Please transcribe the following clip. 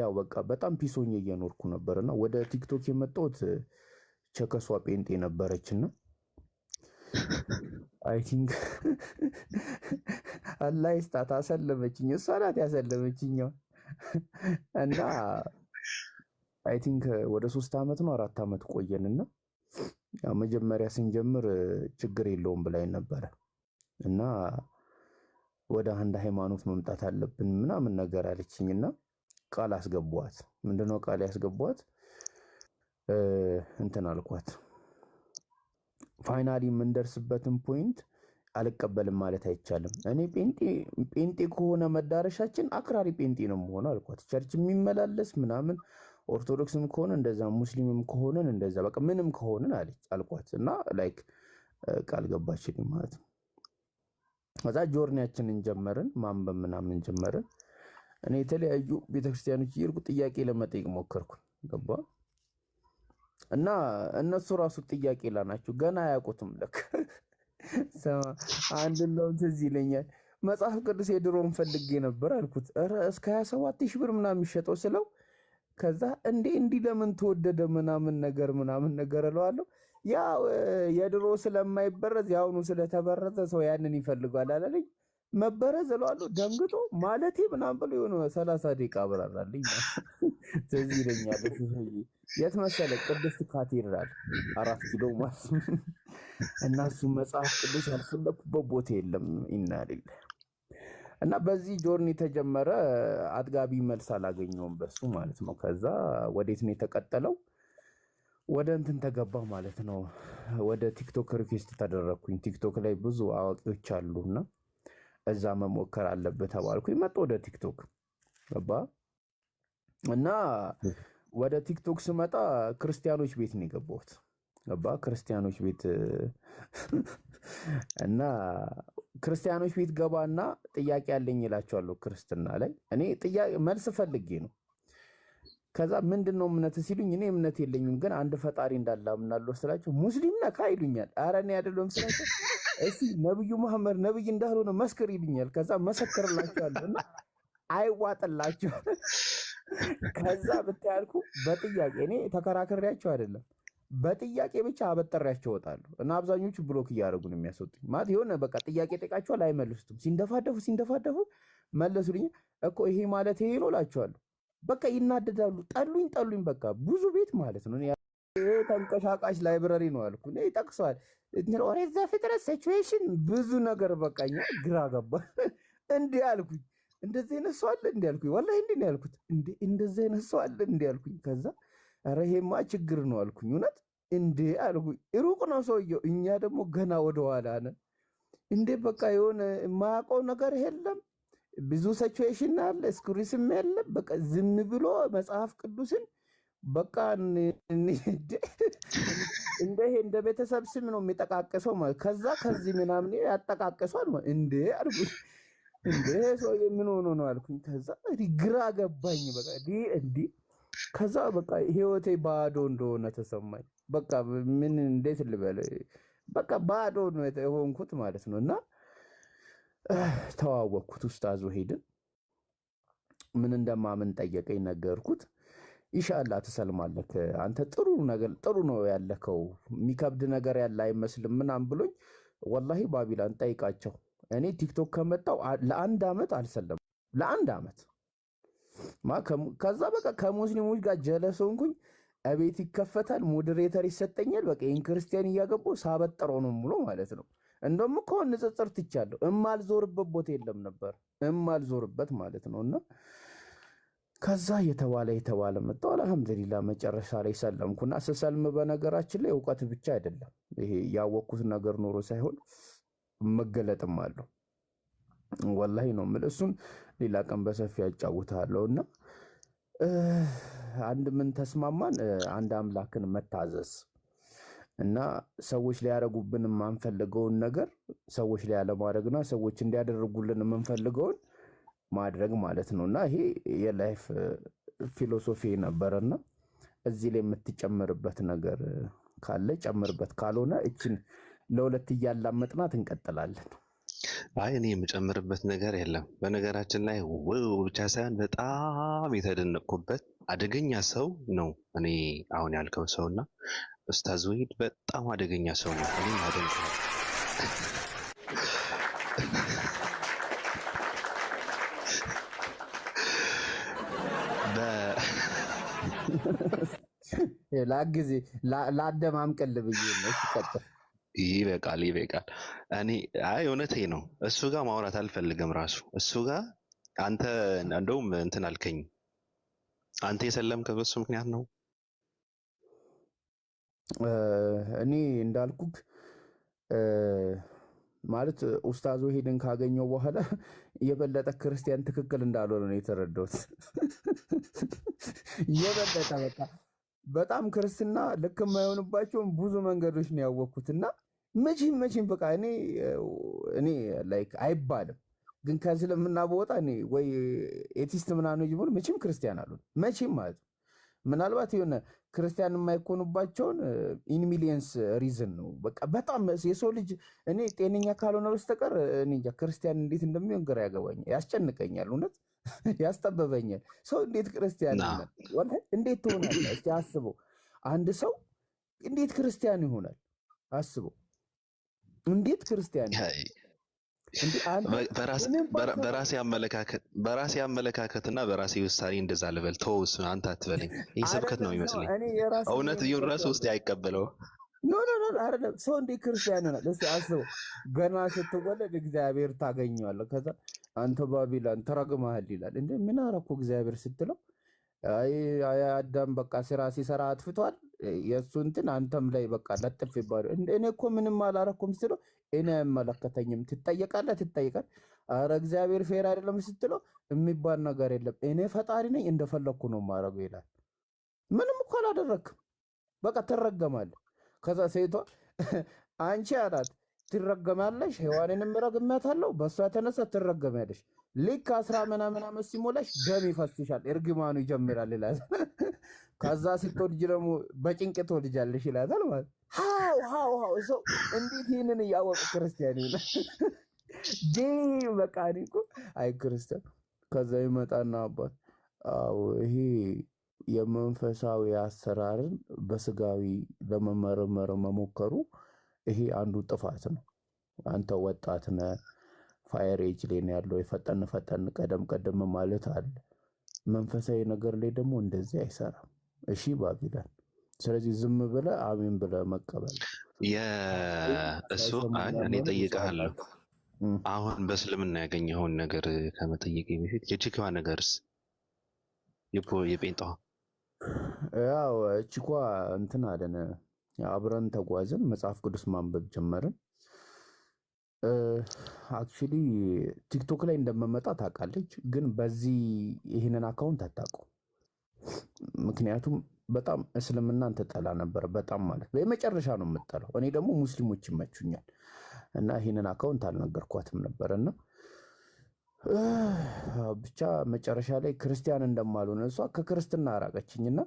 ያው በቃ በጣም ፒሶኝ እየኖርኩ ነበር እና ወደ ቲክቶክ የመጣሁት ቸከሷ ጴንጤ ነበረች እና አይ ቲንክ አላህ ይስጣት አሰለመችኝ። እሷ ናት ያሰለመችኝ እና አይ ቲንክ ወደ ሶስት ዓመት ነው አራት ዓመት ቆየን እና መጀመሪያ ስንጀምር ችግር የለውም ብላኝ ነበረ እና ወደ አንድ ሃይማኖት መምጣት አለብን ምናምን ነገር አለችኝ እና ቃል አስገቧት። ምንድነው ቃል ያስገቧት? እንትን አልኳት። ፋይናሊ የምንደርስበትን ፖይንት አልቀበልም ማለት አይቻልም። እኔ ጴንጤ ከሆነ መዳረሻችን አክራሪ ጴንጤ ነው መሆኑ አልኳት። ቸርች የሚመላለስ ምናምን ኦርቶዶክስም ከሆነ እንደዛ፣ ሙስሊምም ከሆነን እንደዛ፣ በቃ ምንም ከሆነን አለች አልኳት። እና ላይክ ቃል ገባችልኝ ማለት ነው። ከዛ ጆርኒያችንን ጀመርን፣ ማንበብ ምናምን ጀመርን። እኔ የተለያዩ ቤተክርስቲያኖች እየሄድኩ ጥያቄ ለመጠየቅ ሞከርኩኝ። ገባ እና እነሱ ራሱ ጥያቄ ላይ ናቸው፣ ገና አያውቁትም። ለክ አንድ ለውን ትዝ ይለኛል መጽሐፍ ቅዱስ የድሮውን ፈልጌ ነበር አልኩት። ኧረ እስከ 27 ሺህ ብር ምናምን የሚሸጠው ስለው ከዛ እንዴ እንዲህ ለምን ተወደደ ምናምን ነገር ምናምን ነገር እለዋለሁ። ያው የድሮ ስለማይበረዝ የአሁኑ ስለተበረዘ ሰው ያንን ይፈልጓል አላለኝ መበረዝ እለዋለሁ። ደንግጦ ማለቴ ምናምን ብሎ የሆነ ሰላሳ ደቂቃ አብራራልኝ። ትዝ ይለኛል የት መሰለ ቅድስት ካቴድራል አራት ኪሎ ማለት እናሱ መጽሐፍ ቅዱስ ያልፈለኩበት ቦታ የለም ይናልል እና በዚህ ጆርኒ የተጀመረ አጥጋቢ መልስ አላገኘውም በሱ ማለት ነው። ከዛ ወዴት ነው የተቀጠለው? ወደ እንትን ተገባ ማለት ነው። ወደ ቲክቶክ ሪኩዌስት ተደረግኩኝ። ቲክቶክ ላይ ብዙ አዋቂዎች አሉ እና እዛ መሞከር አለብህ ተባልኩ። መጥ ወደ ቲክቶክ ገባ እና ወደ ቲክቶክ ስመጣ ክርስቲያኖች ቤት ነው የገባሁት። ገባ ክርስቲያኖች ቤት እና ክርስቲያኖች ቤት ገባና ጥያቄ ያለኝ ይላቸዋለሁ። ክርስትና ላይ እኔ መልስ ፈልጌ ነው። ከዛ ምንድን ነው እምነት ሲሉኝ እኔ እምነት የለኝም ግን አንድ ፈጣሪ እንዳለ ስላቸው ሙስሊም ነካ ይሉኛል። ኧረ እኔ አይደለሁም ስላቸው እስቲ ነብዩ መሐመድ ነብይ እንዳልሆነ መስክር ይልኛል። ከዛ መሰክርላቸዋለሁ እና አይዋጥላቸው። ከዛ ብታያልኩ በጥያቄ እኔ ተከራክሬያቸው አይደለም በጥያቄ ብቻ አበጠሪያቸው ወጣሉ እና አብዛኞቹ ብሎክ እያደረጉ ነው የሚያስወጡኝ። ማለት የሆነ በቃ ጥያቄ ጠይቃቸዋል አይመልሱትም። ሲንደፋደፉ ሲንደፋደፉ መለሱልኝ እኮ ይሄ ማለት ይሄ ነው እላቸዋለሁ። በቃ ይናደዳሉ። ጠሉኝ ጠሉኝ። በቃ ብዙ ቤት ማለት ነው ተንቀሳቃሽ ላይብረሪ ነው ያልኩ ይጠቅሰዋል። ኦሬዛ ፍጥረት ሲቹዌሽን ብዙ ነገር በቃኛ ግራ ገባ። እንዲህ አልኩኝ እንደዚህ አይነት ሰው አለ እንዲህ አልኩኝ። ወላሂ እንዲህ ነው ያልኩት። እንደዚህ አይነት ሰው አለ እንዲህ አልኩኝ። ከዛ ኧረ ይሄማ ችግር ነው አልኩኝ። እውነት እንዴ አልኩኝ። ሩቅ ነው ሰውየው፣ እኛ ደግሞ ገና ወደኋላ ነን። እንዴ በቃ የሆነ የማያውቀው ነገር የለም ብዙ ሲቹዌሽን አለ፣ ስክሪስም የለም። በቃ ዝም ብሎ መጽሐፍ ቅዱስን በቃ እንደ እንደ ቤተሰብ ስም ነው የሚጠቃቀሰው። ከዛ ከዚህ ምናምን ያጠቃቀሷል። እንዴ አልኩ እንዴ ሰው የምን ነው አልኩኝ። ከዛ ግራ ገባኝ። በቃ እንዲ ከዛ በቃ ህይወቴ ባዶ እንደሆነ ተሰማኝ። በቃ ምን እንዴት ልበለ፣ በቃ ባዶ ነው የሆንኩት ማለት ነው። እና ተዋወቅኩት። ውስጥ አዞ ሄድን። ምን እንደማምን ጠየቀኝ፣ ነገርኩት። ኢንሻአላህ ትሰልማለህ። አንተ ጥሩ ነገር ጥሩ ነው ያለከው የሚከብድ ነገር ያለ አይመስልም ምናም ብሎኝ፣ ወላሂ ባቢላን ጠይቃቸው። እኔ ቲክቶክ ከመጣው ለአንድ ዓመት አልሰለም ለአንድ ዓመት ከዛ በቃ ከሙስሊሞች ጋር ጀለሰውንኩኝ። እቤት ይከፈታል፣ ሞዴሬተር ይሰጠኛል። በቃ ይህን ክርስቲያን እያገቡ ሳበጠረው ነው ሙሎ ማለት ነው። እንደውም ከሆን ንጽጽር ትቻለሁ። እማልዞርበት ቦታ የለም ነበር እማልዞርበት ማለት ነው እና ከዛ የተባለ የተባለ መጣው። አልሐምዱሊላ መጨረሻ ላይ ሰለምኩና ስሰልም በነገራችን ላይ እውቀት ብቻ አይደለም ይሄ ያወቅኩት ነገር ኖሮ ሳይሆን መገለጥም አለው። ወላሂ ነው የምልህ። እሱን ሌላ ቀን በሰፊ ያጫውታለሁ። እና አንድ ምን ተስማማን? አንድ አምላክን መታዘዝ እና ሰዎች ሊያደረጉብን የማንፈልገውን ነገር ሰዎች ላይ አለማድረግና ሰዎች እንዲያደርጉልን የምንፈልገውን ማድረግ ማለት ነው። እና ይሄ የላይፍ ፊሎሶፊ ነበረና እዚህ ላይ የምትጨምርበት ነገር ካለ ጨምርበት፣ ካልሆነ እችን ለሁለት እያላመጥናት እንቀጥላለን። አይ እኔ የምጨምርበት ነገር የለም። በነገራችን ላይ ውው ብቻ ሳይሆን በጣም የተደነቅኩበት አደገኛ ሰው ነው። እኔ አሁን ያልከው ሰውና ኡስታዝ ወሒድ በጣም አደገኛ ሰው ነው። እኔ ላግዜ ላደማምቅል ብዬ ነው። ይበቃል ይበቃል። እኔ አይ እውነቴ ነው። እሱ ጋር ማውራት አልፈልግም። ራሱ እሱ ጋር አንተ እንደውም እንትን አልከኝ። አንተ የሰለምከው በሱ ምክንያት ነው። እኔ እንዳልኩክ ማለት ኡስታዞ ሄድን ካገኘው በኋላ የበለጠ ክርስቲያን ትክክል እንዳልሆነ ነው የተረዳሁት። የበለጠ በቃ በጣም ክርስትና ልክ የማይሆንባቸውን ብዙ መንገዶች ነው ያወቅኩት። እና መቼም መቼም በቃ እኔ እኔ ላይክ አይባልም ግን ከእስልምና በወጣ እኔ ወይ ኤቲስት ምናምን ይሁን መቼም ክርስቲያን አሉ መቼም ማለት ነው ምናልባት የሆነ ክርስቲያን የማይኮኑባቸውን ኢንሚሊየንስ ሪዝን ነው። በቃ በጣም የሰው ልጅ እኔ ጤነኛ ካልሆነ በስተቀር ክርስቲያን እንዴት እንደሚሆን ግራ ያገባኛል፣ ያስጨንቀኛል፣ እውነት ያስጠበበኛል። ሰው እንዴት ክርስቲያን እንዴት ትሆናለህ? እስኪ አስበው። አንድ ሰው እንዴት ክርስቲያን ይሆናል? አስበው፣ እንዴት ክርስቲያን በራሴ አመለካከት እና በራሴ ውሳኔ እንደዛ ልበል። ተውስ አንተ አትበለኝ። ይህ ስብከት ነው የሚመስለኝ። እውነት ራሱ ውስጥ አይቀበለው። ኖ ኖ ኖ አይደለም። ሰው እንደ ክርስቲያን ነው። እስኪ አስበው፣ ገና ስትወለድ እግዚአብሔር ታገኘዋለህ። ከዛ አንተ ባቢላን ተረግመሃል ይላል። እንደ ምን አረኩ እግዚአብሔር ስትለው አይ አዳም በቃ ስራ ሲሰራ አጥፍቷል። የእሱ እንትን አንተም ላይ በቃ ለጥፍ ይባሉ። እኔ እኮ ምንም አላረኩም ስትለው እኔ አይመለከተኝም። ትጠየቃለህ ትጠይቃል። አረ እግዚአብሔር ፌር አይደለም ስትለው የሚባል ነገር የለም። እኔ ፈጣሪ ነኝ እንደፈለግኩ ነው ማድረገው ይላል። ምንም እኮ አላደረግክም። በቃ ትረገማለህ። ከዛ ሴቷ አንቺ አላት ትረገማለሽ፣ ሔዋንንም ረግሜያታለሁ፣ በእሷ የተነሳ ትረገማለሽ። ልክ አስራ ምናምን ዓመት ሲሞላሽ ደም ይፈስሻል፣ እርግማኑ ይጀምራል ይላል። ከዛ ስትወልጅ ደግሞ በጭንቅ ትወልጃለሽ ይላታል ማለት ሀው ሀው ሀው ሰው እንዴት ይህንን እያወቁ ክርስቲያን ይሆነ በቃ እኔ እኮ አይ ክርስቲያን ከዛ ይመጣና አባት አዎ ይሄ የመንፈሳዊ አሰራርን በስጋዊ ለመመረመር መሞከሩ ይሄ አንዱ ጥፋት ነው። አንተ ወጣት ነህ፣ ፋየር ኤጅ ላይ ነው ያለው። የፈጠን ፈጠን ቀደም ቀደም ማለት አለ። መንፈሳዊ ነገር ላይ ደግሞ እንደዚህ አይሰራም። እሺ ባቢላን ስለዚህ ዝም ብለ አሜን ብለ መቀበል የእሱ እኔ ጠይቀሃለሁ። አሁን በእስልምና ያገኘኸውን ነገር ከመጠየቅ በፊት የችኪዋ ነገርስ የጴንጣ ያው እችኳ እንትን አለን አብረን ተጓዝን፣ መጽሐፍ ቅዱስ ማንበብ ጀመርን። አክቹሊ ቲክቶክ ላይ እንደመመጣ ታውቃለች፣ ግን በዚህ ይህንን አካውንት አታውቀው ምክንያቱም በጣም እስልምናን ትጠላ ነበር። በጣም ማለት የመጨረሻ ነው የምጠላው። እኔ ደግሞ ሙስሊሞች ይመቹኛል እና ይህንን አካውንት አልነገርኳትም ነበር እና ብቻ መጨረሻ ላይ ክርስቲያን እንደማልሆነ እሷ ከክርስትና አራቀችኝና